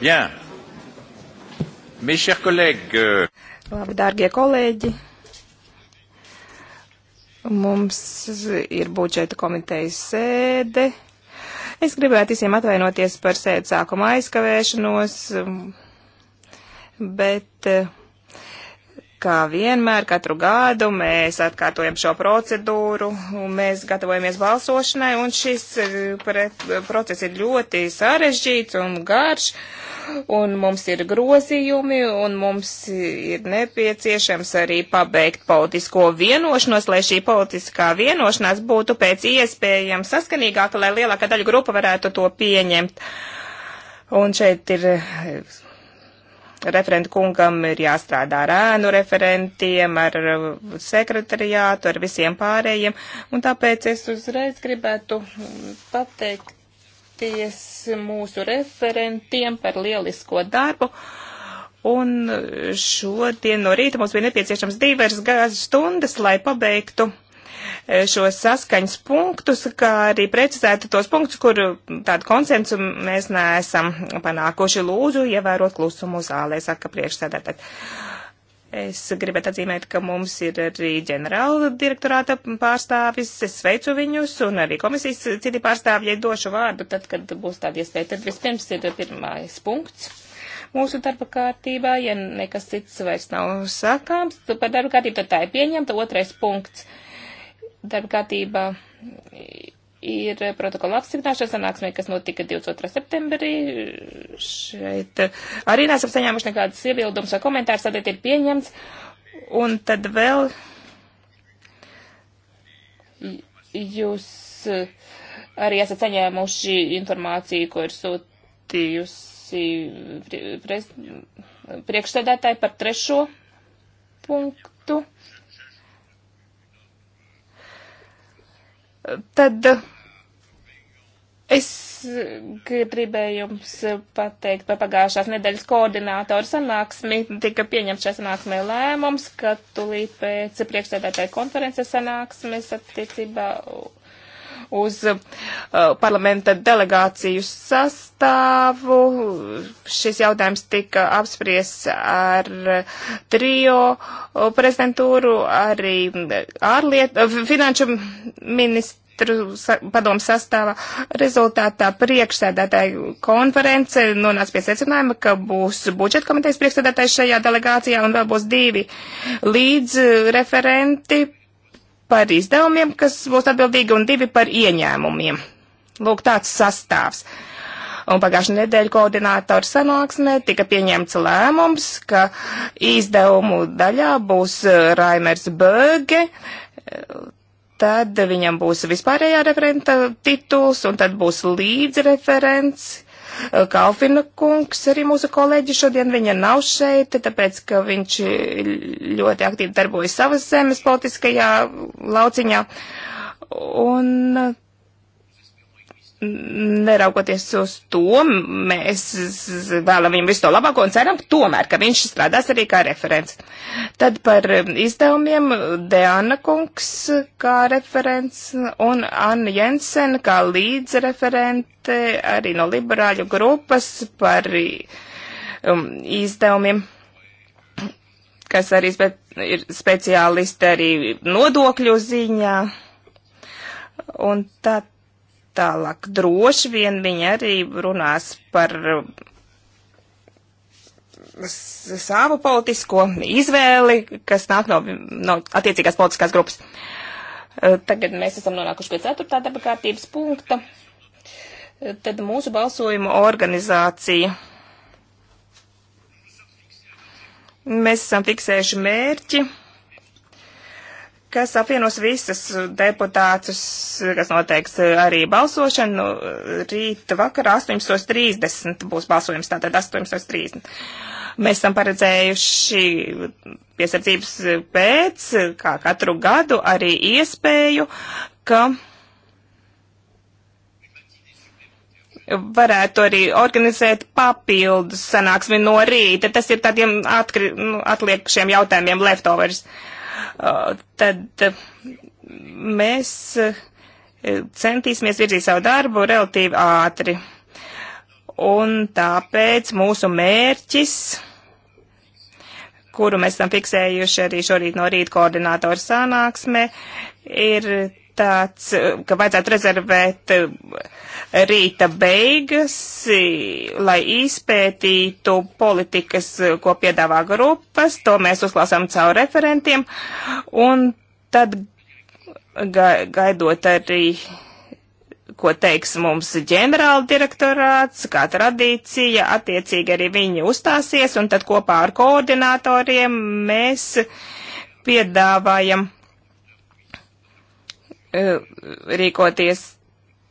Bien. Mes chers collègues. Euh, Labi, dārgie kolēģi. Mums ir budžeta komitejas sēde. Es gribētu visiem atvainoties par sēdes sākuma aizkavēšanos, bet uh, Kā vienmēr, katru gadu mēs atkārtojam šo procedūru, mēs gatavojamies balsošanai, un šis e, process ir ļoti sarežģīts un garš, un mums ir grozījumi, un mums ir nepieciešams arī pabeigt politisko vienošanos, lai šī politiskā vienošanās būtu pēc iespējām saskanīgāka, lai lielākā daļa grupa varētu to pieņemt. Un šeit ir e, referentu kungam ir jāstrādā ar ēnu referentiem, ar uh, sekretariātu, ar visiem pārējiem, un tāpēc es uzreiz gribētu pateikties mūsu referentiem par lielisko darbu. Un šodien no rīta mums bija nepieciešams divas stundas, lai pabeigtu E, šos saskaņas punktus, kā arī precizētu tos punktus, kur tādu konsensu mēs neesam panākuši. Lūdzu, ievērot klusumu zālē, saka priekšsēdētāji. Es gribētu atzīmēt, ka mums ir arī ģenerāla direktorāta pārstāvis. Es sveicu viņus un arī komisijas citi pārstāvji. Ja došu vārdu, tad, kad būs tāda iespēja, tad vispirms ir pirmais punkts mūsu darba kārtībā. Ja nekas cits vairs nav sakāms par darba kārtību, tad tā ir pieņemta. Otrais punkts. Uh, darba kārtībā ir protokola apstiprināšana sanāksmē, kas notika 22. septembrī. Šeit arī nesam saņēmuši nekādas iebildumus vai komentārus, tad ir pieņemts. Un tad vēl jūs arī esat saņēmuši informāciju, ko ir sūtījusi priekšsēdētāji par trešo punktu. Tad es gribēju jums pateikt par pagājušās nedēļas koordinātoru sanāksmi. Tika pieņemts šajā sanāksmē lēmums, ka tulīt pēc priekšsēdētāja konferences sanāksmes attiecībā uz uh, parlamenta delegāciju sastāvu. Šis jautājums tika apspries ar uh, trio uh, prezidentūru, arī uh, ārlietu, finanšu ministru ministru padomu sastāvā. Rezultātā priekšsēdētāja konference nonāca pie secinājuma, ka būs budžeta komitejas priekšsēdētājs šajā delegācijā un vēl būs divi līdz referenti par izdevumiem, kas būs atbildīgi, un divi par ieņēmumiem. Lūk, tāds sastāvs. Un pagājušajā nedēļā koordinātoru sanāksmē tika pieņemts lēmums, ka izdevumu daļā būs eh, Raimers Böge, tad viņam būs vispārējā referenta tituls, un tad būs līdzreferents Kalfina kungs, arī mūsu kolēģi šodien viņa nav šeit, tāpēc, ka viņš ļoti aktīvi darbojas savas zemes politiskajā lauciņā. Un neraugoties uz to, mēs vēlam viņam visu to labāko un ceram tomēr, ka viņš strādās arī kā referents. Tad par izdevumiem Deana Kungs kā referents un Anna Jensen kā līdzreferente arī no liberāļu grupas par um, izdevumiem kas arī spe ir speciālisti arī nodokļu ziņā. Un tā tālāk. Droši vien viņi arī runās par uh, savu politisko izvēli, kas nāk no, no attiecīgās politiskās grupas. Uh, tagad mēs esam nonākuši pie ceturtā darba kārtības punkta. Uh, tad mūsu balsojuma organizācija. Mēs esam fiksējuši mērķi kas apvienos visas deputātus, kas noteiks arī balsošanu. Rīta vakarā 18.30 būs balsojums, tātad 18.30. Mēs esam paredzējuši piesardzības pēc, kā katru gadu, arī iespēju, ka varētu arī organizēt papildus sanāksmi no rīta. Tas ir tādiem atkri, nu, atliekušiem jautājumiem leftovers. Uh, Uh, tad uh, mēs uh, centīsimies virzīt savu darbu relatīvi ātri. Un tāpēc mūsu mērķis, kuru mēs esam fiksējuši arī šorīt no rīta koordinātoru sanāksmē, ir tāds, ka vajadzētu rezervēt eh, rīta beigas, eh, lai izpētītu politikas, eh, ko piedāvā grupas, to mēs uzklausām caur referentiem, un tad gaidot arī ko teiks mums ģenerāla direktorāts, kā tradīcija, attiecīgi arī viņi uzstāsies, un tad kopā ar koordinatoriem mēs piedāvājam E, rīkoties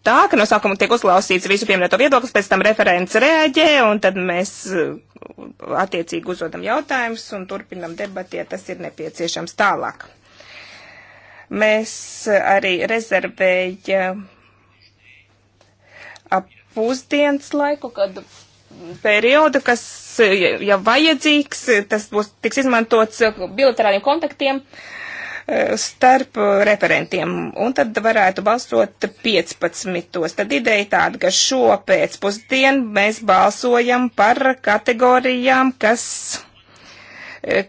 tā, ka no sākuma tiek uzklausīts visu pieminēto viedoklis, pēc tam referents rēģē, un tad mēs e, attiecīgi uzdodam jautājumus un turpinam debati, ja tas ir nepieciešams tālāk. Mēs arī rezervējam ap pusdienas laiku, kad periodu, kas, ja vajadzīgs, tas būs tiks izmantots bilaterāliem kontaktiem. Uh, starp referentiem, un tad varētu balsot 15. Tad ideja tāda, ka šo pēcpusdienu mēs balsojam par kategorijām, kas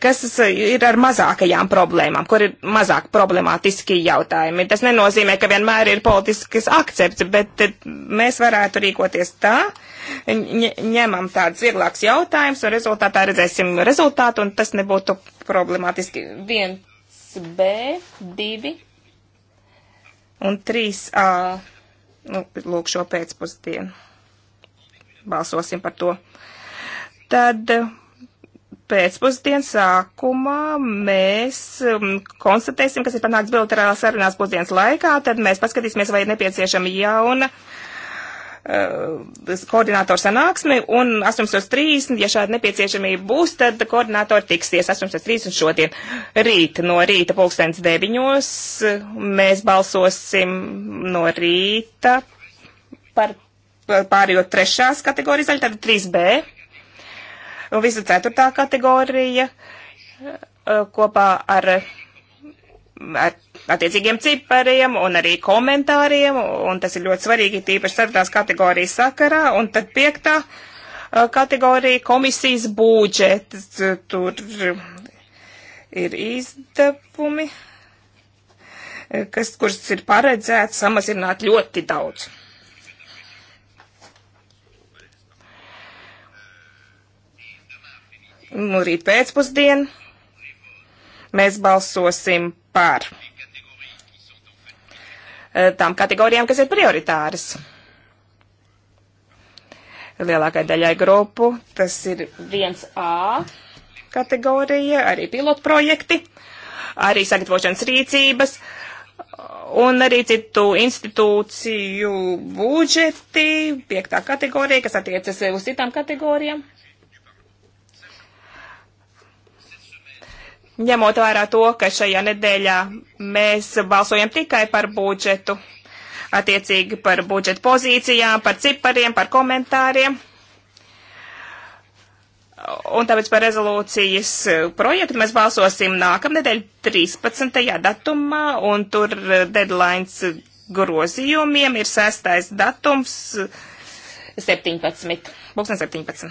kas ir ar mazākajām problēmām, kur ir mazāk problemātiski jautājumi. Tas nenozīmē, ka vienmēr ir politiskas akcepts, bet mēs varētu rīkoties tā, ņemam tādus vieglākus jautājumus, un rezultātā redzēsim rezultātu, un tas nebūtu problemātiski. Vien B, 2 un 3A. Nu, lūk, šo pēcpusdienu. Balsosim par to. Tad pēcpusdienas sākumā mēs um, konstatēsim, kas ir panākts bilaterālās sarunās pusdienas laikā, tad mēs paskatīsimies, vai ir nepieciešama jauna Uh, koordinātoru sanāksmi un 18.30, ja šāda nepieciešamība būs, tad koordinātori tiksies 18.30 šodien. Rīt no rīta pulkstens deviņos mēs balsosim no rīta par pārējot trešās kategorijas daļu, tad 3B. Un visa ceturtā kategorija uh, kopā ar, ar attiecīgiem cipariem un arī komentāriem, un tas ir ļoti svarīgi, tīpaši ceturtās kategorijas sakarā, un tad piektā uh, kategorija komisijas būdžets, tur uh, ir izdevumi, uh, kas, kurus ir paredzēts samazināt ļoti daudz. Nu, rīt pēcpusdien mēs balsosim par Eh, tām kategorijām, kas ir prioritāras. Lielākai daļai grupu tas ir 1A kategorija, arī pilotprojekti, arī sagatavošanas rīcības un arī citu institūciju budžeti, piektā kategorija, kas attiecas uz citām kategorijām. ņemot vērā to, ka šajā nedēļā mēs balsojam tikai par budžetu, attiecīgi par budžetu pozīcijām, par cipariem, par komentāriem. Un tāpēc par rezolūcijas projektu mēs balsosim nākamnedēļ 13. datumā, un tur deadlines grozījumiem ir 6. datums 17. 17.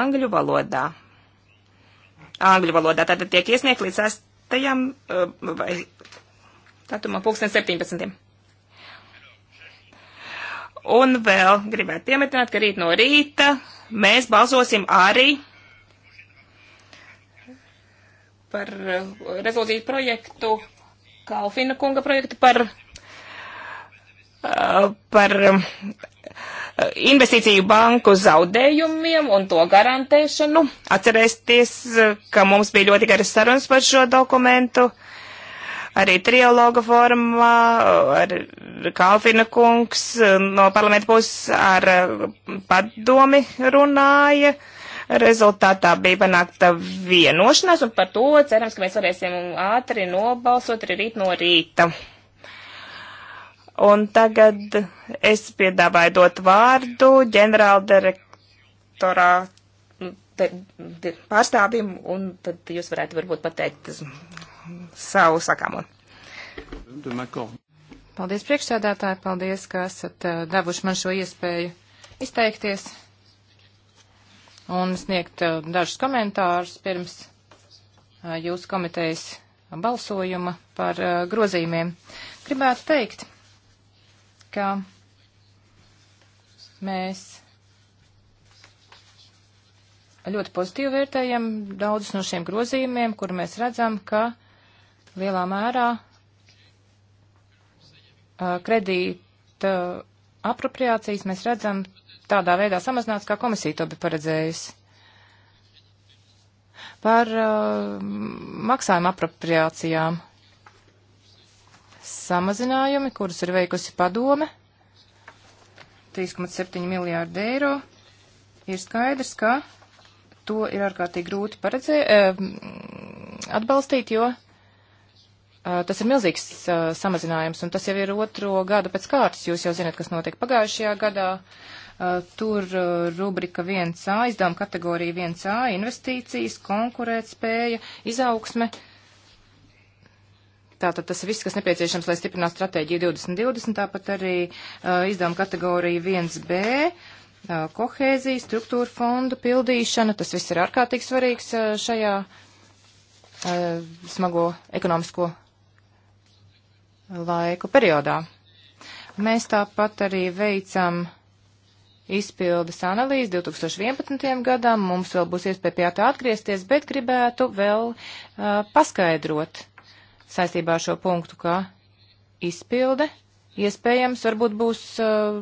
Angļu valodā angļu valodā. Tātad tiek iesniegt līdz 6. Eh, vai datumam pulksten 17. Un vēl gribētu piemetināt, ka rīt no rīta mēs balsosim arī par eh, rezolūciju projektu, Kalfina kunga projektu par, eh, par Eh, investīciju banku zaudējumiem un to garantēšanu. Nu, atcerēsties, eh, ka mums bija ļoti garas sarunas par šo dokumentu. Arī trialoga formā, eh, ar Kalfina kungs no parlamenta puses ar padomi runāja rezultātā bija panākta vienošanās, un par to cerams, ka mēs varēsim ātri nobalsot arī rīt no rīta. Un tagad es piedāvāju dot vārdu ģenerāldirektorā mm, pārstāvim, un tad jūs varētu varbūt pateikt savu sakāmo. Paldies priekšsēdētāji, paldies, ka esat eh, devuši man šo iespēju izteikties un sniegt eh, dažus komentārus pirms eh, jūsu komitejas balsojuma par grozījumiem. Gribētu teikt, ka mēs ļoti pozitīvi vērtējam daudzus no šiem grozījumiem, kur mēs redzam, ka lielā mērā kredīta apropriācijas mēs redzam tādā veidā samazināts, kā komisija to bija paredzējusi. Par uh, maksājuma apropriācijām samazinājumi, kurus ir veikusi padome, 3,7 miljārdi eiro, ir skaidrs, ka to ir ārkārtīgi grūti paredzē, eh, atbalstīt, jo eh, tas ir milzīgs eh, samazinājums, un tas jau ir otro gadu pēc kārtas. Jūs jau zināt, kas notiek pagājušajā gadā. Tur rubrika 1A, izdevuma kategorija 1A, investīcijas, konkurētspēja, izaugsme. Uh, Tātad tas ir viss, kas nepieciešams, lai stiprinātu stratēģiju 2020, tāpat arī uh, izdevuma kategorija 1B, uh, kohēzija, struktūra fondu pildīšana, tas viss ir ārkārtīgi svarīgs uh, šajā uh, smago ekonomisko laiku periodā. Mēs tāpat arī veicam izpildes analīzi 2011. gadam, mums vēl būs iespēja pie tā atgriezties, bet gribētu vēl uh, paskaidrot uh, saistībā ar šo punktu, ka izpilde iespējams varbūt būs uh,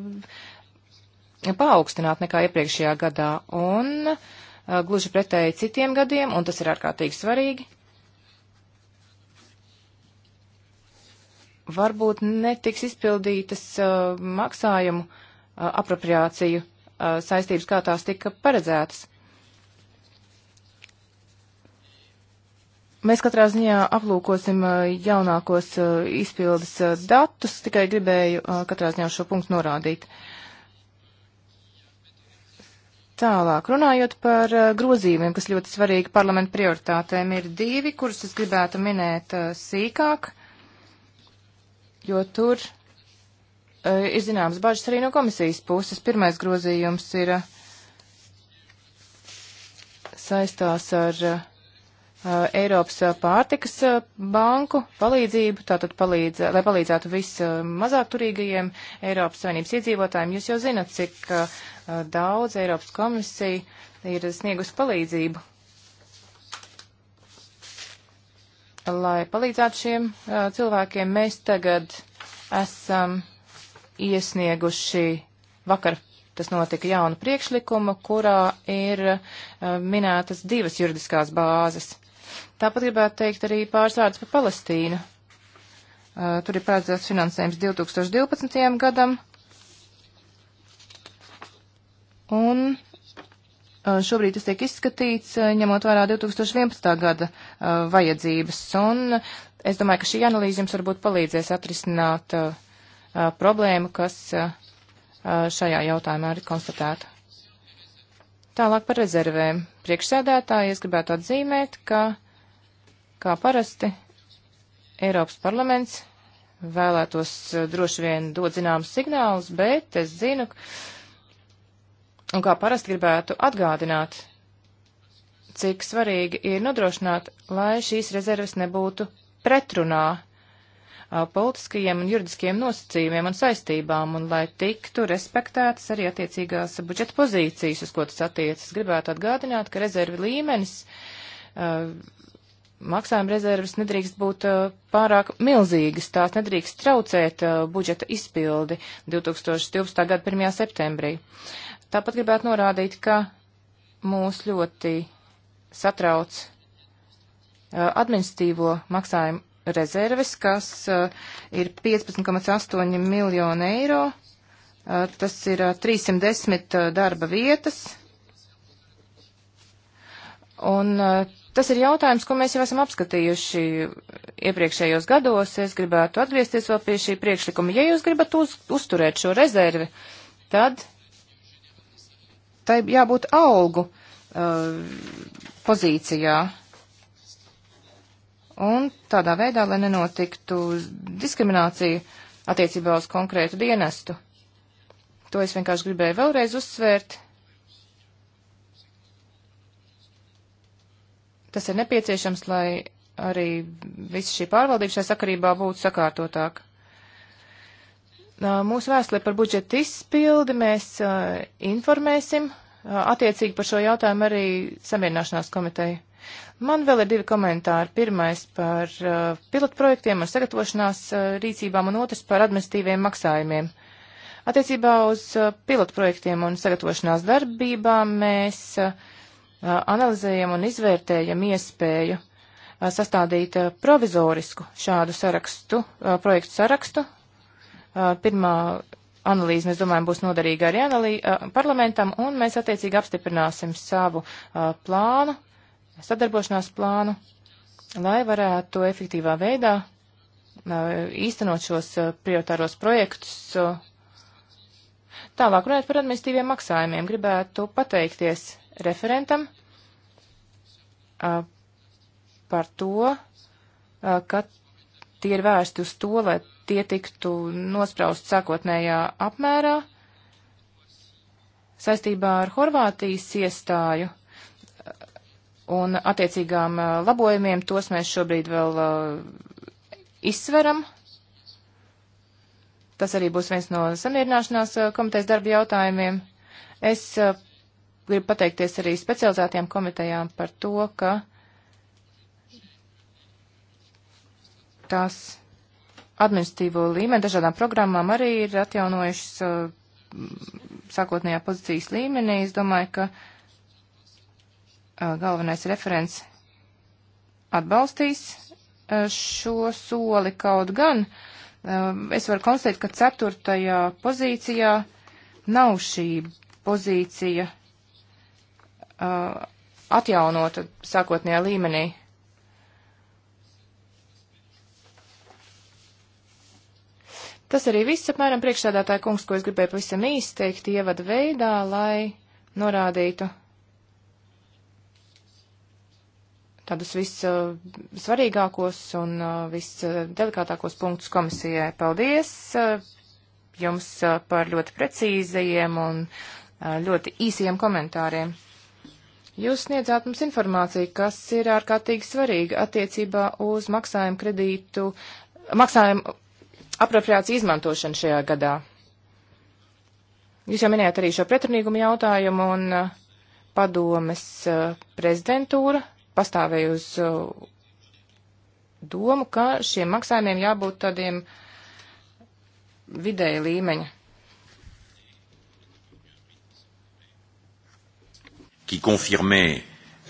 paaugstināt nekā iepriekšējā gadā un uh, gluži pretēji citiem gadiem, un tas ir ārkārtīgi svarīgi. Varbūt netiks izpildītas uh, maksājumu uh, apropriāciju uh, saistības, kā tās tika paredzētas. Mēs katrā ziņā aplūkosim jaunākos izpildes datus, tikai gribēju katrā ziņā šo punktu norādīt. Tālāk, runājot par grozījumiem, kas ļoti svarīgi parlamentu prioritātēm, ir divi, kurus es gribētu minēt sīkāk, jo tur ir zināmas bažas arī no komisijas puses. Pirmais grozījums ir saistās ar Eh, Eiropas eh, pārtikas eh, banku palīdzību, tātad palīdz, lai palīdzētu vismazāk turīgajiem Eiropas Savienības iedzīvotājiem. Jūs jau zinat, cik daudz Eiropas komisija ir sniegusi palīdzību, lai palīdzētu šiem cilvēkiem. Mēs tagad esam iesnieguši vakar Tas notika jauna priekšlikuma, kurā ir uh, minētas divas juridiskās bāzes. Tāpat gribētu teikt arī pāris vārdus par Palestīnu. Uh, tur ir paredzēts finansējums 2012. gadam. Un uh, šobrīd tas tiek izskatīts, uh, ņemot vērā 2011. gada uh, vajadzības. Un uh, es domāju, ka šī analīze jums varbūt palīdzēs atrisināt uh, problēmu, kas šajā jautājumā ir konstatēta. Tālāk par rezervēm. Priekšsēdētāji es gribētu atzīmēt, ka Kā parasti, Eiropas parlaments vēlētos eh, droši vien dot zināmas signālus, bet es zinu, un kā parasti gribētu atgādināt, cik svarīgi ir nodrošināt, lai šīs rezerves nebūtu pretrunā eh, politiskajiem un juridiskiem nosacījumiem un saistībām, un lai tiktu respektētas arī attiecīgās budžeta pozīcijas, uz ko tas attiecas. Gribētu atgādināt, ka rezervi līmenis uh, maksājuma rezerves nedrīkst būt uh, pārāk milzīgas, tās nedrīkst traucēt uh, budžeta izpildi 2012. gada 1. septembrī. Tāpat gribētu norādīt, ka mūs ļoti satrauc uh, administīvo maksājumu rezerves, kas uh, ir 15,8 miljonu eiro. Uh, tas ir 310 uh, darba vietas. Un Tas ir jautājums, ko mēs jau esam apskatījuši iepriekšējos gados. Es gribētu atgriezties vēl pie šī priekšlikuma. Ja jūs gribat uz, uzturēt šo rezervi, tad tai jābūt algu uh, pozīcijā. Un tādā veidā, lai nenotiktu diskriminācija attiecībā uz konkrētu dienestu. To es vienkārši gribēju vēlreiz uzsvērt, Tas ir nepieciešams, lai arī visa šī pārvaldība šajā sakarībā būtu sakārtotāka. Mūsu vēstulē par budžeta izpildi mēs uh, informēsim uh, attiecīgi par šo jautājumu arī samierināšanās komiteju. Man vēl ir divi komentāri. Pirmais par uh, pilotprojektiem un sagatavošanās rīcībām un otrs par administratīviem maksājumiem. Attiecībā uz pilotprojektiem un sagatavošanās darbībām mēs uh, analizējam un izvērtējam iespēju sastādīt provizorisku šādu sarakstu, projektu sarakstu. Pirmā analīze, mēs domājam, būs noderīga arī analī, parlamentam, un mēs attiecīgi apstiprināsim savu plānu, sadarbošanās plānu, lai varētu efektīvā veidā īstenot šos prioritāros projektus. Tālāk runājot par administīviem maksājumiem, gribētu pateikties referentam par to, ka tie ir vērsti uz to, lai tie tiktu nospraust sākotnējā apmērā saistībā ar Horvātijas iestāju un attiecīgām labojumiem. Tos mēs šobrīd vēl izsveram. Tas arī būs viens no samierināšanās komitejas darba jautājumiem. Es gribu pateikties arī specializētiem komitejām par to, ka tās administratīvo līmeni dažādām programmām arī ir atjaunojušas uh, sākotnējā pozīcijas līmenī. Es domāju, ka uh, galvenais referents atbalstīs uh, šo soli kaut gan. Um, es varu konstatēt, ka ceturtajā pozīcijā nav šī pozīcija Uh, atjaunota sākotnējā līmenī. Tas arī viss apmēram priekšsēdētāja kungs, ko es gribēju pavisam īsti teikt ievada veidā, lai norādītu tādus vissvarīgākos uh, un uh, visdelikātākos punktus komisijai. Paldies jums par ļoti precīzajiem un ļoti īsiem komentāriem. Jūs sniedzāt mums informāciju, kas ir ārkārtīgi svarīga attiecībā uz maksājumu kredītu, maksājumu apropriāciju izmantošanu šajā gadā. Jūs jau minējāt arī šo pretrunīgumu jautājumu un uh, padomes uh, prezidentūra pastāvēja uz uh, domu, ka šiem maksājumiem jābūt tādiem vidēja līmeņa qui confirmait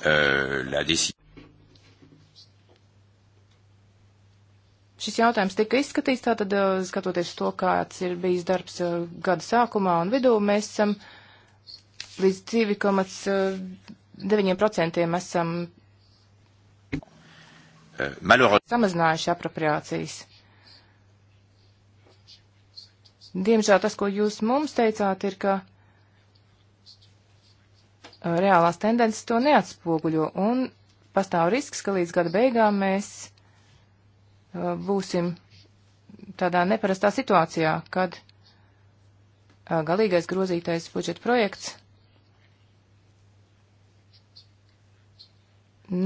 euh, la décision. Šis jautājums tika izskatīts, tātad uh, skatoties to, kāds ir bijis darbs uh, gada sākumā un vidū, mēs esam līdz 2,9% uh, esam euh, samazinājuši apropriācijas. Diemžēl tas, ko jūs mums teicāt, ir, ka reālās tendences to neatspoguļo, un pastāv risks, ka līdz gada beigām mēs uh, būsim tādā neparastā situācijā, kad uh, galīgais grozītais budžeta projekts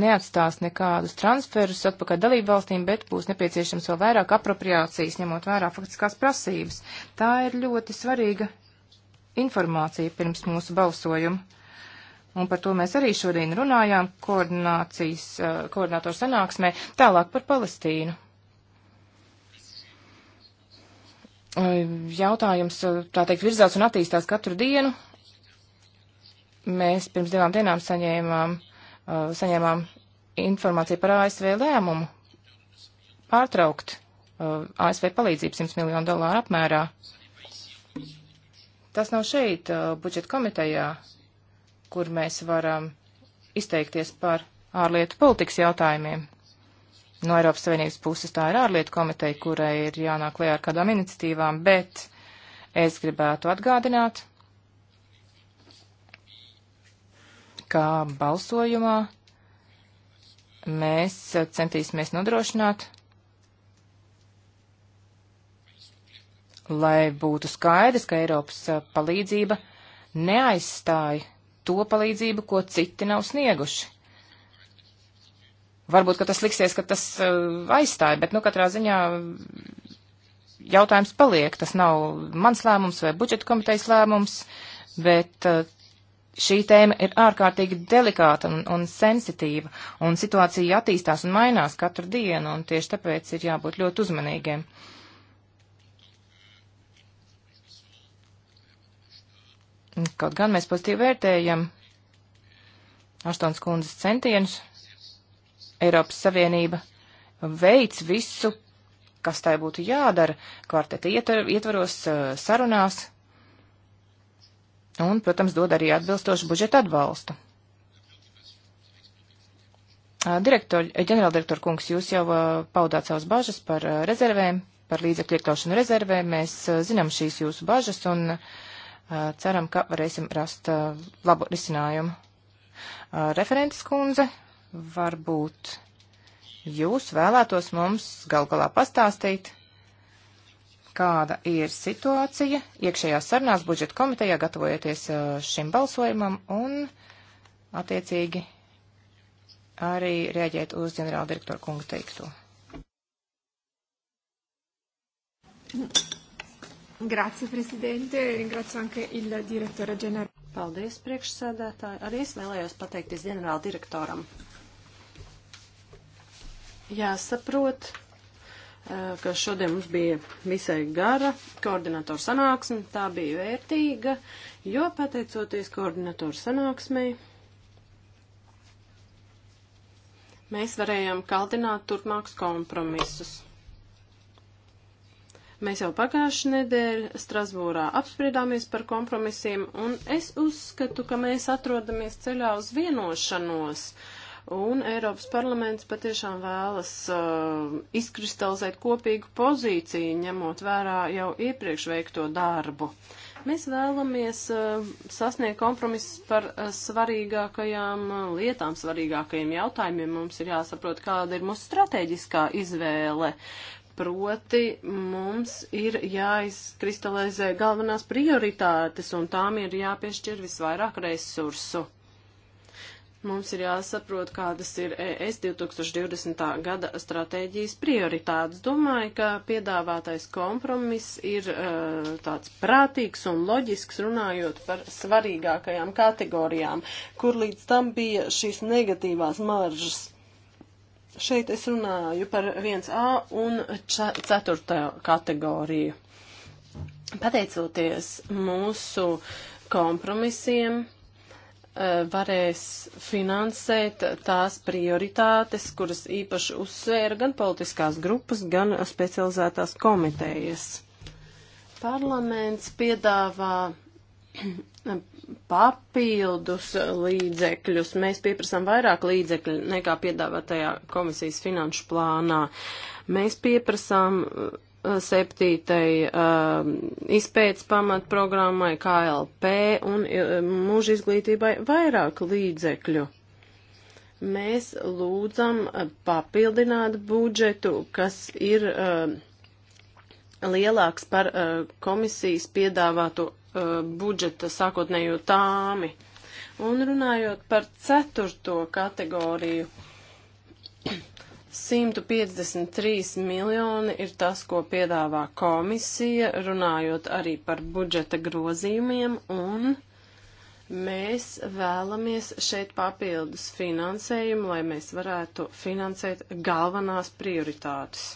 neatstās nekādus transferus atpakaļ dalību valstīm, bet būs nepieciešams vēl vairāk apropriācijas, ņemot vērā faktiskās prasības. Tā ir ļoti svarīga informācija pirms mūsu balsojuma. Un par to mēs arī šodien runājām koordinācijas, eh, koordinātoru sanāksmē, tālāk par Palestīnu. Jautājums, eh, tā teikt, virzās un attīstās katru dienu. Mēs pirms divām dienām saņēmām, eh, saņēmām informāciju par ASV lēmumu pārtraukt ASV palīdzību 100 miljonu dolāru apmērā. Tas nav šeit budžeta komitejā, kur mēs varam izteikties par ārlietu politikas jautājumiem. No Eiropas Savienības puses tā ir ārlietu komiteja, kurai ir jānāk lejā ar kādām iniciatīvām, bet es gribētu atgādināt, ka balsojumā mēs centīsimies nodrošināt, lai būtu skaidrs, ka Eiropas palīdzība neaizstāja to palīdzību, ko citi nav snieguši. Varbūt, ka tas liksies, ka tas uh, aizstāja, bet, nu, katrā ziņā jautājums paliek. Tas nav mans lēmums vai budžeta komitejas lēmums, bet uh, šī tēma ir ārkārtīgi delikāta un, un sensitīva, un situācija attīstās un mainās katru dienu, un tieši tāpēc ir jābūt ļoti uzmanīgiem. Uh, Kaut gan mēs pozitīvi vērtējam Aštons kundzes centienus. Eiropas Savienība veic visu, kas tai būtu jādara, kvarteta ietvaros eh, sarunās un, protams, dod arī atbilstošu budžeta atbalstu. Eh, direktor, eh, ģenerāldirektor kungs, jūs jau paudāt savas bažas par rezervēm, par līdzekļu iekļaušanu rezervē. Mēs zinām šīs jūsu bažas un uh, Ceram, ka varēsim rast labu risinājumu. Referentes kundze, varbūt jūs vēlētos mums gal galā pastāstīt, kāda ir situācija iekšējās sarunās budžeta komitejā gatavojoties šim balsojumam un attiecīgi arī rēģēt uz ģenerāla direktora kunga teikto. Grazie Presidente, ringrazio anche il direttore ģenerāli. Paldies, priekšsēdētāji. Arī es vēlējos pateikties ģenerāla direktoram. Jāsaprot, eh, ka šodien mums bija visai gara koordinatoru sanāksme. Tā bija vērtīga, jo pateicoties koordinatoru sanāksmei, mēs varējām kaldināt turpmākus kompromisus. Mēs jau pagājuši nedēļu Strasbūrā apspriedāmies par kompromisiem, un es uzskatu, ka mēs atrodamies ceļā uz vienošanos. Un Eiropas parlaments patiešām vēlas uh, izkristalizēt kopīgu pozīciju, ņemot vērā jau iepriekš veikto darbu. Mēs vēlamies uh, sasniegt kompromisus par uh, svarīgākajām uh, lietām, svarīgākajiem jautājumiem. Mums ir jāsaprot, kāda ir mūsu strateģiskā izvēle, proti mums ir jāizkristalizē galvenās prioritātes un tām ir jāpiešķir visvairāk resursu. Mums ir jāsaprot, kādas ir e ES 2020. gada stratēģijas prioritātes. Domāju, ka piedāvātais kompromiss ir uh, tāds prātīgs un loģisks, runājot par svarīgākajām kategorijām, kur līdz tam bija šīs negatīvās maržas. Šeit es runāju par 1A un 4. kategoriju. Pateicoties mūsu kompromisiem, e, varēs finansēt tās prioritātes, kuras īpaši uzsvēra gan politiskās grupas, gan specializētās komitejas. Parlaments piedāvā papildus līdzekļus. Mēs pieprasām vairāk līdzekļu nekā piedāvātajā komisijas finanšu plānā. Mēs pieprasām uh, septītai uh, izpētes pamatprogrammai, KLP un uh, mūža izglītībai vairāk līdzekļu. Mēs lūdzam uh, papildināt budžetu, kas ir uh, lielāks par uh, komisijas piedāvāto Uh, budžeta sākotnējo tāmi. Un runājot par ceturto kategoriju, 153 miljoni ir tas, ko piedāvā komisija, runājot arī par budžeta grozījumiem, un mēs vēlamies šeit papildus finansējumu, lai mēs varētu finansēt galvenās prioritātes.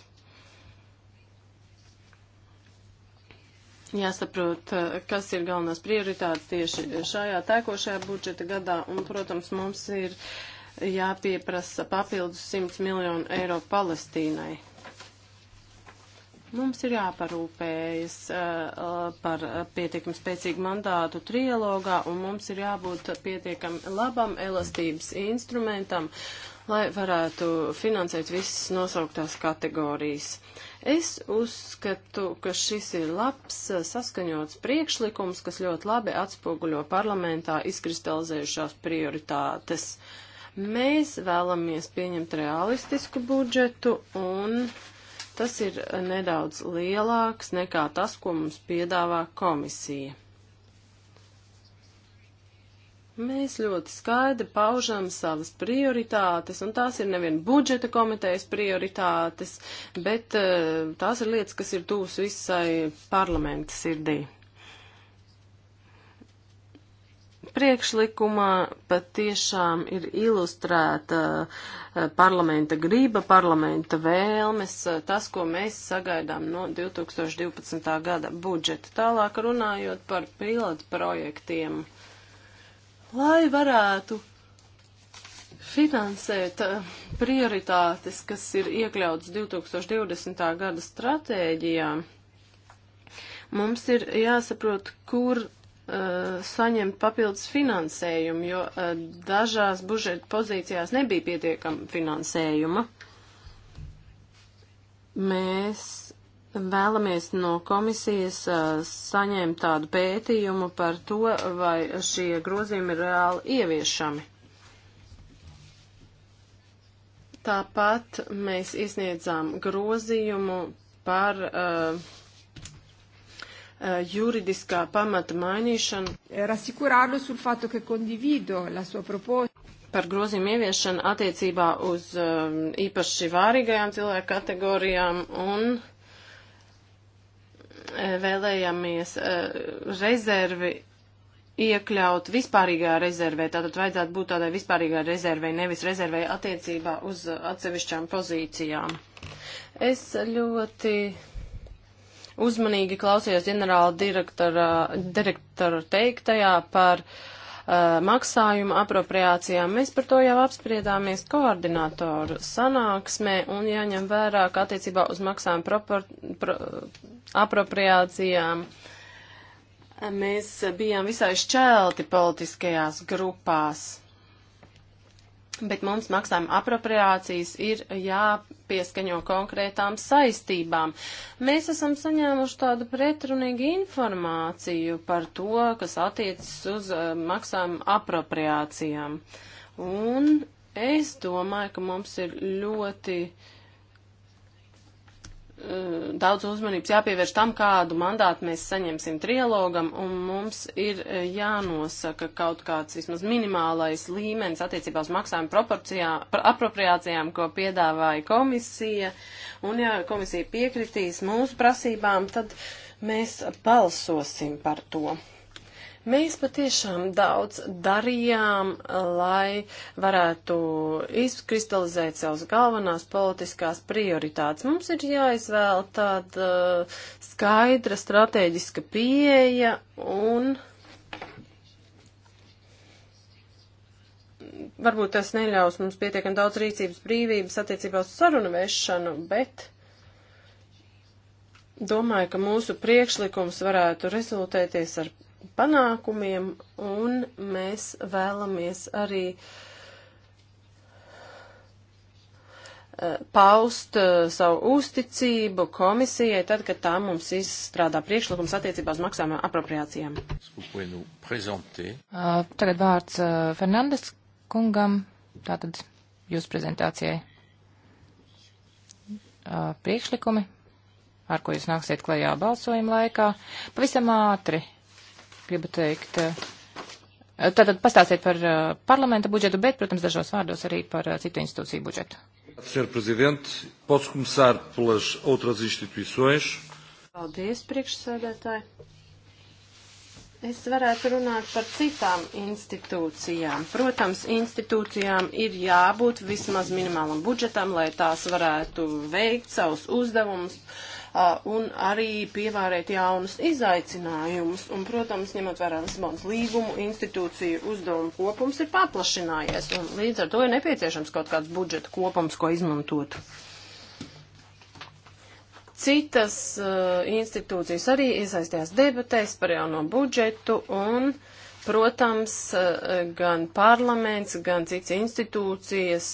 jāsaprot, eh, kas ir galvenās prioritātes tieši šajā tēkošajā budžeta gadā, un, protams, mums ir jāpieprasa papildus 100 miljonu eiro Palestīnai. Mums ir jāparūpējas uh, par pietiekami spēcīgu mandātu trilogā, un mums ir jābūt pietiekami labam elastības instrumentam, lai varētu finansēt visas nosauktās kategorijas. Uh, Es uzskatu, ka šis ir labs eh, saskaņots priekšlikums, kas ļoti labi atspoguļo parlamentā izkristalizējušās prioritātes. Mēs vēlamies pieņemt realistisku budžetu un tas ir nedaudz lielāks nekā tas, ko mums piedāvā komisija. Mēs ļoti skaidri paužam savas prioritātes, un tās ir nevien budžeta komitejas prioritātes, bet uh, tās ir lietas, kas ir tūs visai parlamenta sirdī. Priekšlikumā pat tiešām ir ilustrēta eh, parlamenta grība, parlamenta vēlmes, eh, tas, ko mēs sagaidām no 2012. gada budžeta. Tālāk runājot par pilotu projektiem. Uh, lai varētu finansēt eh, prioritātes, kas ir iekļautas 2020. gada stratēģijā, mums ir jāsaprot, kur uh, saņemt papildus finansējumu, jo uh, dažās budžeta pozīcijās nebija pietiekama finansējuma. Mēs Vēlamies no komisijas saņemt tādu pētījumu par to, vai šie grozījumi ir reāli ieviešami. Tāpat mēs izniedzām grozījumu par uh, juridiskā pamata mainīšanu. Eh, rassicurarlo sul fatto che condivido la sua proposta par grozījumu ieviešanu attiecībā uz uh, īpaši vārīgajām cilvēku kategorijām un uh, vēlējamies eh, rezervi iekļaut vispārīgā rezervē, tātad vajadzētu būt tādai vispārīgā rezervē, nevis rezervē attiecībā uz eh, atsevišķām pozīcijām. Es ļoti uzmanīgi klausījos ģenerāla direktora, direktora teiktajā par uh, Uh, maksājumu apropriācijām. Mēs par to jau apspriedāmies koordinātoru sanāksmē un jāņem vērā, ka attiecībā uz maksājumu propor, pro, apropriācijām uh, mēs bijām visai šķelti politiskajās grupās bet mums maksājuma apropriācijas ir jāpieskaņo konkrētām saistībām. Mēs esam saņēmuši tādu pretrunīgu informāciju par to, kas attiecas uz eh, maksājuma apropriācijām. Un es domāju, ka mums ir ļoti uh, Eh, daudz uzmanības jāpievērš tam, kādu mandātu mēs saņemsim trilogam, un mums ir eh, jānosaka kaut kāds vismaz minimālais līmenis attiecībā uz maksājumu apropriācijām, ko piedāvāja komisija, un ja komisija piekritīs mūsu prasībām, tad mēs balsosim par to. Mēs patiešām daudz darījām, lai varētu izkristalizēt savas galvenās politiskās prioritātes. Mums ir jāizvēl tāda uh, skaidra strateģiska pieeja un. varbūt tas neļaus mums pietiekami daudz rīcības brīvības attiecībā uz sarunu vešanu, bet domāju, ka mūsu priekšlikums varētu rezultēties ar panākumiem, un mēs vēlamies arī eh, paust eh, savu uzticību komisijai tad, kad tā mums izstrādā priekšlikums attiecībā uz maksājuma apropriācijām. Uh, tagad vārds uh, Fernandes kungam, tātad jūsu prezentācijai. Uh, priekšlikumi, ar ko jūs nāksiet klajā balsojuma laikā, pavisam ātri gribu teikt. Eh, tātad pastāstiet par eh, parlamenta budžetu, bet, protams, dažos vārdos arī par eh, citu institūciju budžetu. Sr. Prezident, posso começar pelas outras instituições. Paldies, priekšsēdētāji. Es varētu runāt par citām institūcijām. Protams, institūcijām ir jābūt vismaz minimālam budžetam, lai tās varētu veikt savus uzdevumus. Uh, un arī pievērēt jaunus izaicinājumus. Un, protams, ņemot vērā Lisbonas līgumu, institūciju uzdevumu kopums ir paplašinājies, un līdz ar to ir nepieciešams kaut kāds budžeta kopums, ko izmantot. Citas uh, institūcijas arī iesaistījās debatēs par jauno budžetu un uh, Protams, gan parlaments, gan cits institūcijas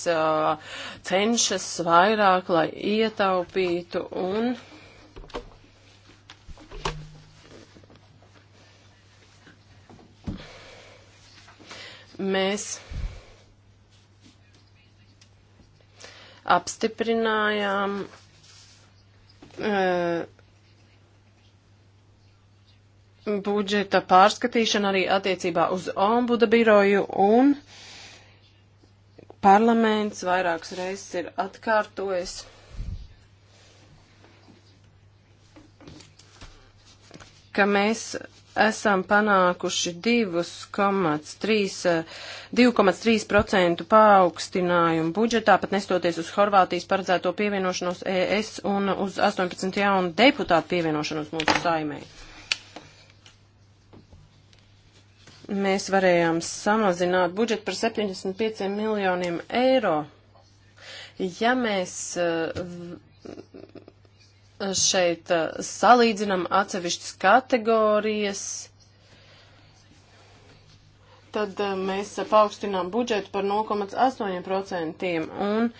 cenšas vairāk, lai ietaupītu un mēs apstiprinājām uh, budžeta pārskatīšanu arī attiecībā uz ombuda biroju un parlaments vairākas reizes ir atkārtojis. ka mēs esam panākuši 2,3% eh, paaugstinājumu budžetā, pat nestoties uz Horvātijas paredzēto pievienošanos ES un uz 18 jaunu deputātu pievienošanos mūsu saimē. Mēs varējām samazināt budžetu par 75 miljoniem eiro. Ja mēs uh, šeit eh, salīdzinam atsevišķas kategorijas. Tad eh, mēs paaugstinām budžetu par 0,8% un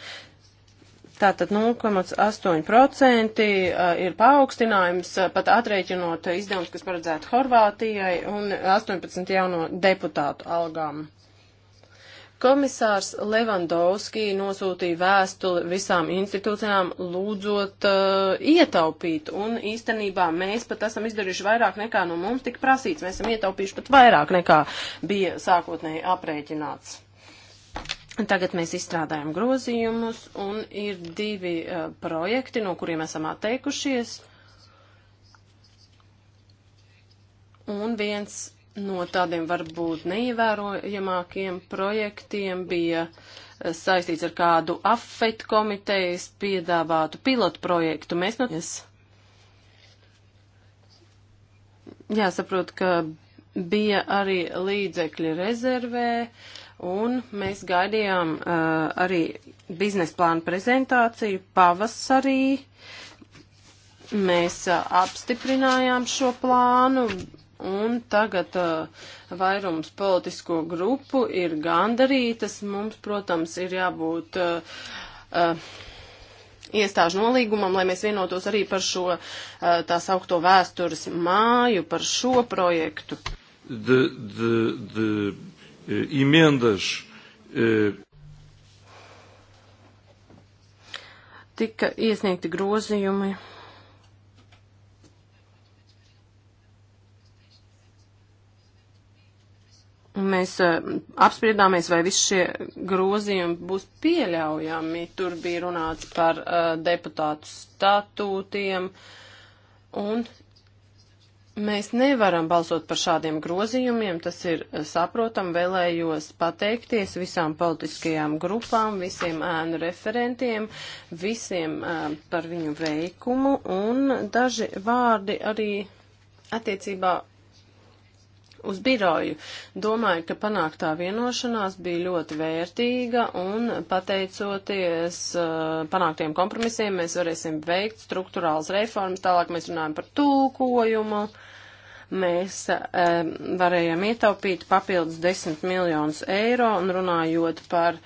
Tātad 0,8% eh, ir paaugstinājums, pat atreikinot izdevums, kas paredzētu Horvātijai un 18 jauno deputātu algām. Komisārs Levandovski nosūtīja vēstuli visām institūcijām lūdzot uh, ietaupīt, un īstenībā mēs pat esam izdarījuši vairāk nekā no mums tika prasīts. Mēs esam ietaupījuši pat vairāk nekā bija sākotnēji aprēķināts. Tagad mēs izstrādājam grozījumus, un ir divi uh, projekti, no kuriem esam atteikušies. Un viens no tādiem varbūt neievērojamākiem projektiem bija eh, saistīts ar kādu afet komitejas piedāvātu pilotu projektu. Mēs no... Jāsaprot, ka bija arī līdzekļi rezervē, un mēs gaidījām uh, arī biznesa plānu prezentāciju pavasarī. Mēs uh, apstiprinājām šo plānu, un tagad uh, vairums politisko grupu ir gandarītas. Mums, protams, ir jābūt uh, uh, iestāžu nolīgumam, lai mēs vienotos arī par šo uh, tā saukto vēstures māju, par šo projektu. De, de, de, emendas, uh... Tika iesniegti grozījumi Mēs uh, apspriedāmies, vai visi šie grozījumi būs pieļaujami. Tur bija runāts par uh, deputātu statūtiem, un mēs nevaram balsot par šādiem grozījumiem. Tas ir uh, saprotam, vēlējos pateikties visām politiskajām grupām, visiem ēnu referentiem, visiem uh, par viņu veikumu, un daži vārdi arī attiecībā uz biroju. Domāju, ka panāktā vienošanās bija ļoti vērtīga un pateicoties uh, panāktiem kompromisiem mēs varēsim veikt struktūrāls reformas. Tālāk mēs runājam par tulkojumu. Mēs um, varējām ietaupīt papildus 10 miljonus eiro un runājot par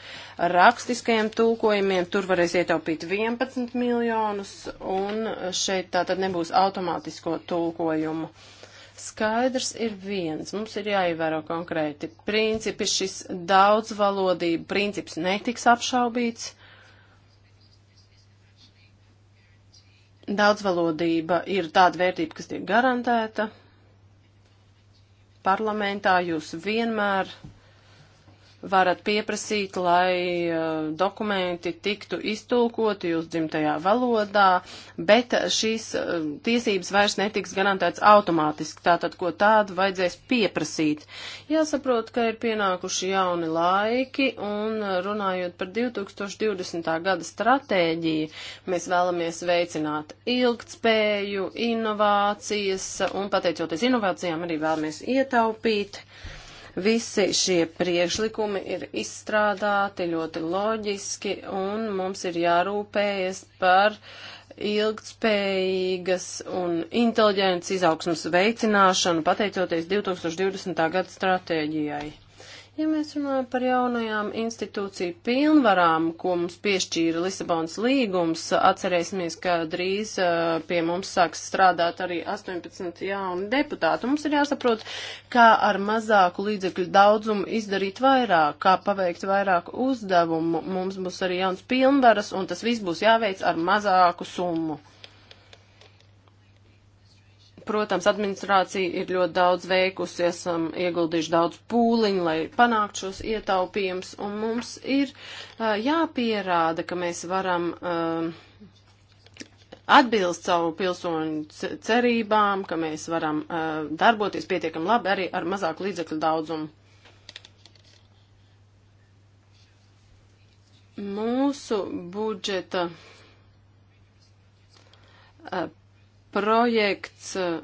rakstiskajiem tulkojumiem, tur varēs ietaupīt 11 miljonus un šeit tātad nebūs automātisko tulkojumu. Uh, Skaidrs ir viens, mums ir jāievēro konkrēti principi, šis daudzvalodība princips netiks apšaubīts. Daudzvalodība ir tāda vērtība, kas tiek garantēta. Parlamentā jūs vienmēr varat pieprasīt, lai uh, dokumenti tiktu iztulkoti jūsu dzimtajā valodā, bet šīs uh, tiesības vairs netiks garantēts automātiski, tātad ko tādu vajadzēs pieprasīt. Jāsaprot, ka ir pienākuši jauni laiki, un runājot par 2020. gada stratēģiju, mēs vēlamies veicināt ilgtspēju, inovācijas, un pateicoties inovācijām arī vēlamies ietaupīt. Uh, Visi šie priekšlikumi ir izstrādāti ļoti loģiski un mums ir jārūpējas par ilgtspējīgas un inteliģentas izaugsmas veicināšanu pateicoties 2020. gada stratēģijai. Ja mēs runājam par jaunajām institūciju pilnvarām, ko mums piešķīra Lisabonas līgums, atcerēsimies, ka drīz pie mums sāks strādāt arī 18 jauni deputāti. Mums ir jāsaprot, kā ar mazāku līdzekļu daudzumu izdarīt vairāk, kā paveikt vairāk uzdevumu. Mums būs arī jauns pilnvaras, un tas viss būs jāveic ar mazāku summu. Protams, administrācija ir ļoti daudz veikusi, esam ieguldījuši daudz pūliņu, lai panāktu šos ietaupījumus, un mums ir uh, jāpierāda, ka mēs varam uh, atbilst savu pilsoņu cerībām, ka mēs varam uh, darboties pietiekami labi arī ar mazāku līdzekļu daudzumu. Mūsu budžeta uh, projekts eh,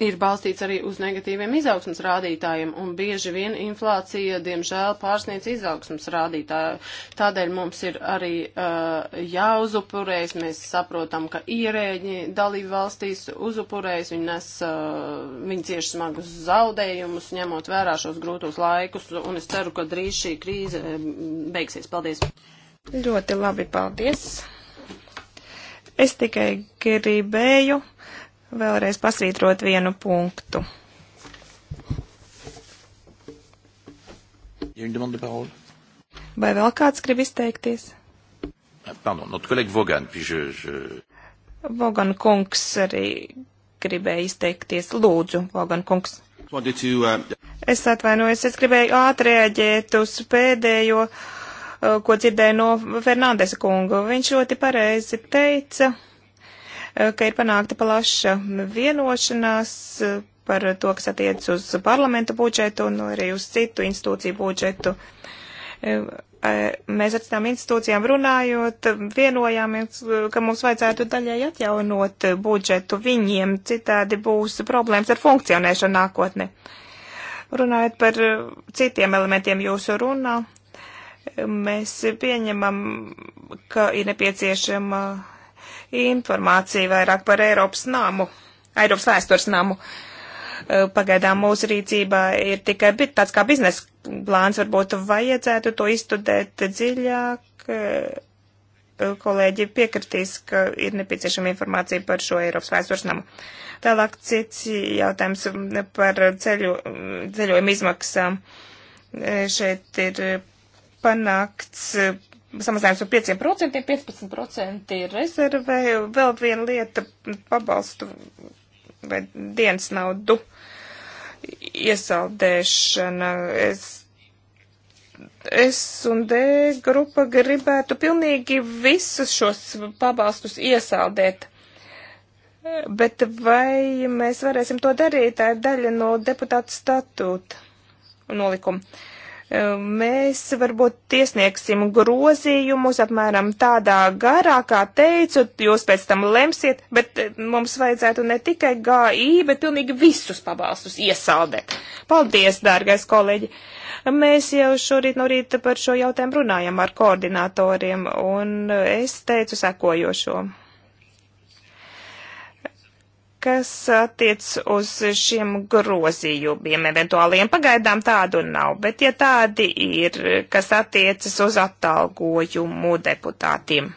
ir balstīts arī uz negatīviem izaugsmas rādītājiem, un bieži vien inflācija, diemžēl, pārsniec izaugsmas rādītāju. Tādēļ mums ir arī uh, jāuzupurējas, mēs saprotam, ka ierēģi dalību valstīs uzupurējas, viņi nes, uh, viņi cieši smagus zaudējumus, ņemot vērā šos grūtos laikus, un es ceru, ka drīz šī krīze beigsies. Paldies! Ļoti labi, paldies. Es tikai gribēju vēlreiz pasvītrot vienu punktu. Vai vēl kāds grib izteikties? Ah, pardon, notre collègue Vogan, puis je, je... Vogan kungs arī gribēja izteikties. Lūdzu, Vogan kungs. To, uh... Es atvainojos, es gribēju ātrēģēt uz pēdējo. Uh, Uh, ko dzirdēju no Fernandesa kunga. Viņš ļoti pareizi teica, uh, ka ir panākta plaša vienošanās uh, par to, kas attiec uz parlamenta budžetu un arī uz citu institūciju budžetu. Mēs ar citām institūcijām runājot, vienojāmies, ka mums vajadzētu daļai atjaunot budžetu viņiem, citādi būs problēmas ar funkcionēšanu nākotnē runājot par citiem elementiem jūsu runā, Mēs pieņemam, ka ir nepieciešama informācija vairāk par Eiropas nāmu, Eiropas vēstures nāmu. E, pagaidām mūsu rīcībā ir tikai tāds kā biznesa plāns, varbūt vajadzētu to izstudēt dziļāk e, kolēģi piekritīs, ka ir nepieciešama informācija par šo Eiropas vēstures namu. Tālāk cits jautājums par ceļu, ceļojumu izmaksām. E, šeit ir panākts eh, samazinājums par 5%, 15% ir rezervē. Vēl viena lieta - pabalstu vai dienas naudu iesaldēšana. Es S un D grupa gribētu pilnīgi visus šos pabalstus iesaldēt. Bet vai mēs varēsim to darīt? Tā ir daļa no deputāta statūta nolikuma. Mēs varbūt iesniegsim grozījumus apmēram tādā garā, kā teicu, jūs pēc tam lemsiet, bet eh, mums vajadzētu ne tikai GI, bet pilnīgi visus pabalstus iesaldēt. Paldies, dārgais kolēģi! Mēs jau šorīt no rīta par šo jautājumu runājam ar koordinatoriem, un es teicu sekojošo kas attiec uz šiem grozījumiem eventuāliem. Pagaidām tādu nav, bet ja tādi ir, kas attiecas uz atalgojumu deputātiem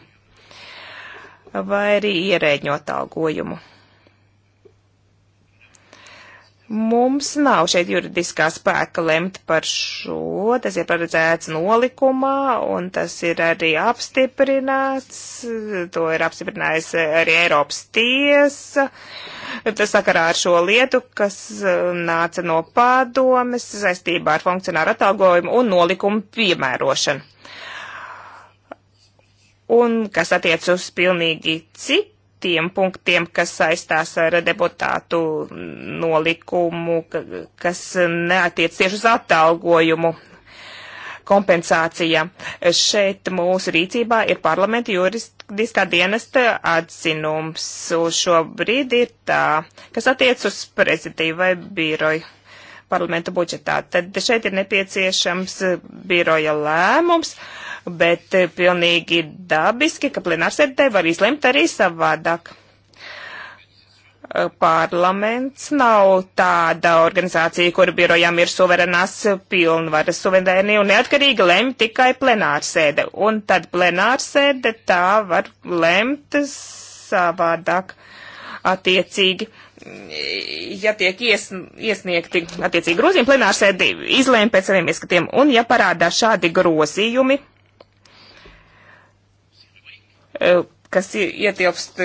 vai arī ierēģņu atalgojumu. Mums nav šeit juridiskā spēka lemt par šo, tas ir paredzēts nolikumā, un tas ir arī apstiprināts, to ir apstiprinājusi arī Eiropas tiesa. Tas sakarā ar šo lietu, kas uh, nāca no padomes saistībā ar funkcionāru atalgojumu un nolikumu piemērošanu. Un kas attiec uz pilnīgi citu tiem punktiem, kas saistās ar deputātu nolikumu, kas neatiec tieši uz atalgojumu kompensācija. Šeit mūsu rīcībā ir parlamenta juridiskā dienesta atzinums. Šobrīd ir tā, kas attiec uz prezidiju vai biroju parlamenta budžetā. Tad šeit ir nepieciešams eh, biroja lēmums, bet eh, pilnīgi dabiski, ka plenārsēdē var izlemt arī savādāk. Eh, parlaments nav tāda organizācija, kur birojām ir suverenās pilnvaras, suverēni un neatkarīgi lem tikai plenārsēde. Un tad plenārsēde tā var lemt savādāk attiecīgi. Uh, ja tiek ies, iesniegti attiecīgi grozījumi, plenārsēdi izlēma pēc saviem ieskatiem, un ja parādās šādi grozījumi, e, kas ietilpst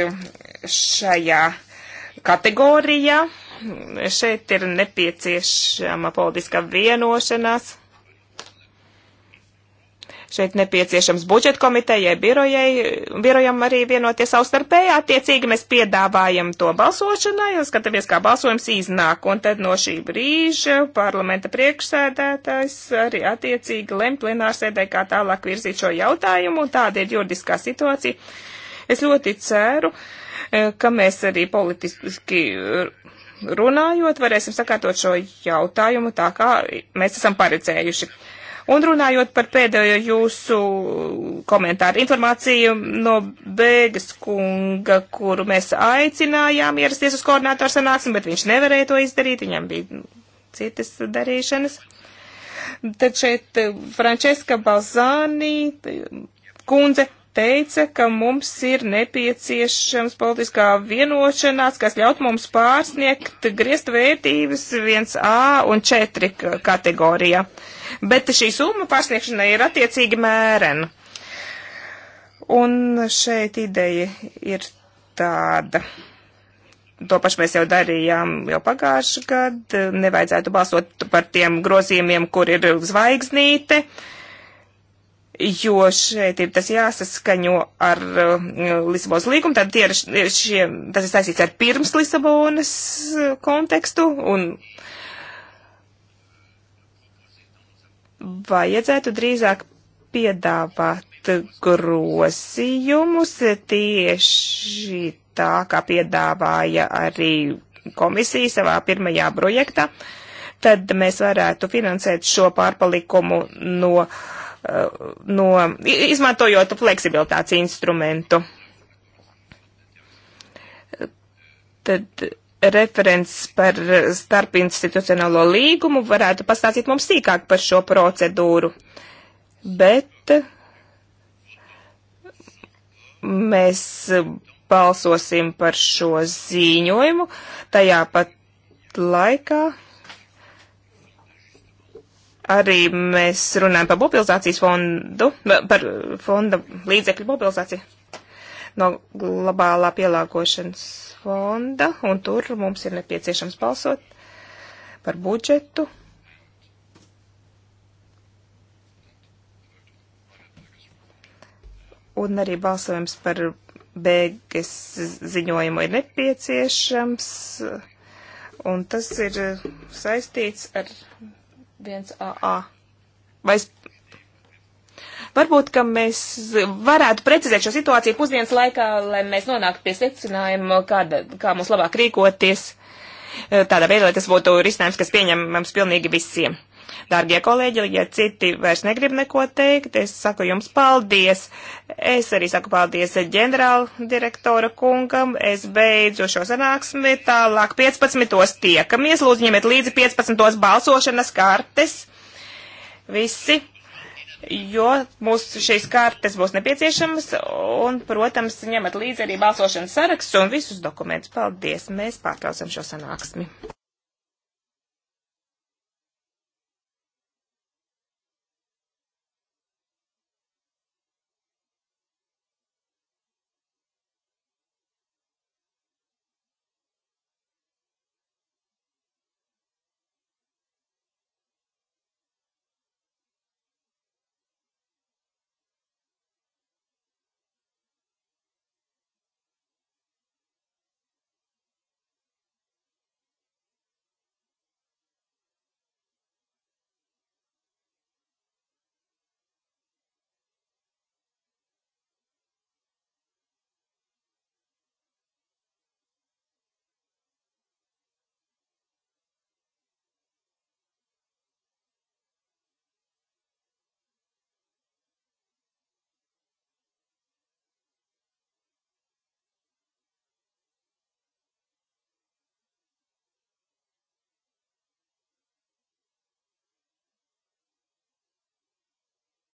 šajā kategorijā, šeit ir nepieciešama politiskā vienošanās Šeit nepieciešams budžeta komitejai, birojai, birojam arī vienoties savstarpēji. Attiecīgi mēs piedāvājam to balsošanai un skatāmies, kā balsojums iznāk. Un tad no šī brīža parlamenta priekšsēdētājs arī attiecīgi lem plenārsēdē, kā tālāk virzīt šo jautājumu. Un tāda ir juridiskā situācija. Es ļoti ceru, eh, ka mēs arī politiski eh, runājot varēsim sakārtot šo jautājumu tā, kā mēs esam paredzējuši. Un runājot par pēdējo jūsu komentāru informāciju no Bēgas kunga, kuru mēs aicinājām ierasties uz koordinātoru sanāksmi, bet viņš nevarēja to izdarīt, viņam bija citas darīšanas. Tad šeit eh, Frančeska Balzāni kundze teica, ka mums ir nepieciešams politiskā vienošanās, kas ļaut mums pārsniegt griezt vērtības 1A un 4 kategorijā. Uh, bet šī summa pārsniegšanai ir attiecīgi mērena. Un šeit ideja ir tāda. To pašu mēs jau darījām jau pagājuši gadu. Nevajadzētu balsot par tiem grozījumiem, kur ir zvaigznīte, jo šeit ir tas jāsaskaņo ar uh, Lisabonas līgumu. Tad tie ir šie, tas ir saistīts ar pirms Lisabonas uh, kontekstu un uh, vajadzētu drīzāk piedāvāt grozījumus tieši tā, kā piedāvāja arī komisija savā pirmajā projektā, tad mēs varētu finansēt šo pārpalikumu no, eh, no izmantojot fleksibilitātes instrumentu. Tad referents par starpinstitucionālo līgumu varētu pastāstīt mums sīkāk par šo procedūru. Bet mēs balsosim par šo ziņojumu tajā pat laikā. Arī mēs runājam par mobilizācijas fondu, par fonda līdzekļu mobilizāciju no globālā pielāgošanas fonda, un tur mums ir nepieciešams balsot par budžetu. Un arī balsojums par bēgas ziņojumu ir nepieciešams, un tas ir saistīts ar 1AA. Vai es Varbūt, ka mēs varētu precizēt šo situāciju pusdienas laikā, lai mēs nonāktu pie secinājuma, kāda, kā mums labāk rīkoties. Eh, tādā veidā, lai tas būtu risinājums, kas pieņemams pilnīgi visiem. Dārgie kolēģi, ja citi vairs negrib neko teikt, es saku jums paldies. Es arī saku paldies ģenerāla direktora kungam. Es beidzu šo sanāksmi. Tālāk 15. tiekamies. Lūdzu, ņemiet līdzi 15. balsošanas kartes. Visi jo mums šīs kartes būs nepieciešamas, un, protams, ņemat līdzi arī balsošanas saraksts un visus dokumentus. Paldies, mēs pārtraucam šo sanāksmi.